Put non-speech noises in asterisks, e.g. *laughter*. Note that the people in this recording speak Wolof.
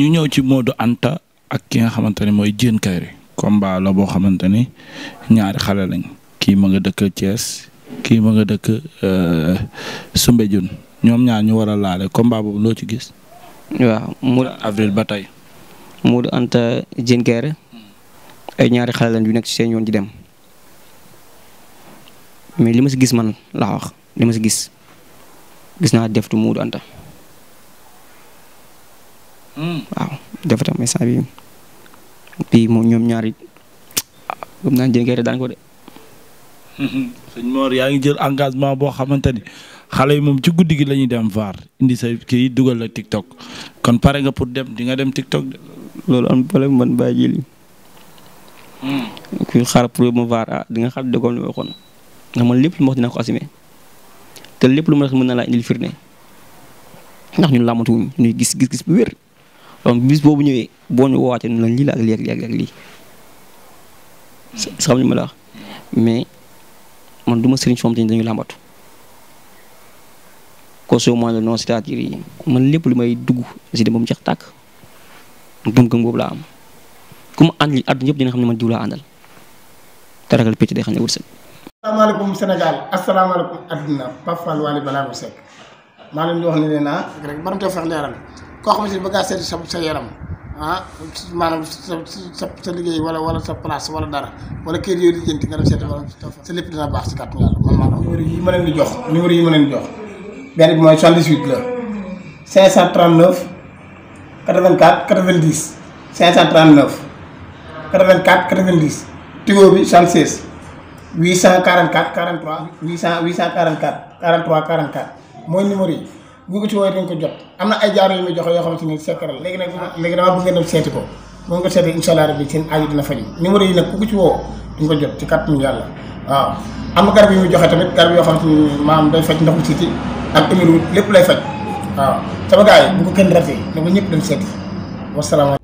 ñu ñëw ci Modou Anta ak ki nga xamante ne mooy Diène Kaïré combat la boo xamante ne ñaari xale lañ kii ma nga dëkk Thiès kii ma nga dëkk euh, Soumbédioune ñoom ñaar ñu war a laale combat boobu loo ci gis. waaw Modou avril ba tey. Modou Anta Diène Kaïré ay ñaari xale lañ yu nekk ci seen yoon ci dem mais li ma si gis man laa wax li ma si gis gis naa deftu tu Modou waaw dafa tam instant bi bii moom ñoom ñaari gëm naa jéngeere daan ko de. *laughs* sëñ Mor yaa ngi jël engagement boo xamante ni xale yi moom ci guddi gi lañuy dem vaar indi say kii dugal la TikTok kon pare nga pour dem di nga dem TikTok de. loolu am problème man bàyyi ji lii. Hmm. kuy xaar pour mu vaar ah di nga xam dëggoon li ma waxoon ndax man lépp lu ma wax dina ko assumer te lépp lu ma wax mën na laa indil firnde ndax ñun làmmatuwuñ ñuy gis gis-gis bu wér. donc bis boobu ñëwee boo ñu woowaatee ñu lii la ak lii ak lii ak xam li ma la wax mais man du ma sëriñ soom te dañu làmbatu ko soo la non cest man lépp lu may dugg si de moom jeex tàkk gëm-gëm boobu laa am ku ma ànd li àdduna yëpp dina xam ne man diw àndal te ragal picc day xam ne wërsëg asalaamaaleykum Sénégal asalaamaaleykum adduna Pape Fall Waly Balago Seck maa leen di wax ne nee naa ah, rek mën nga fex leeral koo xamante ni bëgg ngaa seeti sa sa yaram ah sa liggéey wala wala sa place wala dara wala kër yooyu di jënti nga dem seeti sa lépp dina baax si kàttu yàlla man numéro yi ma leen di jox numéro yi ma leen di jox benn bi mooy 78 la 539 84 90 539 84 90 tigo bi 76 844 mooy numéro yi bu ko ci woowee dañ ko jot am na ay jaaro yu muy joxe yoo xamante ni sekkaral léegi nag léegi damaa bëgg a seeti ko bu nga seetee incha allah rabbi seen aaju dina faju na garab yu muy joxe tamit yoo xamante ni maam day faj ndoxu siiti ak émiru lépp lay faj waaw sama gars yi bu ko kenn ratee na ko ñëpp dem seeti wasalaamaaleykum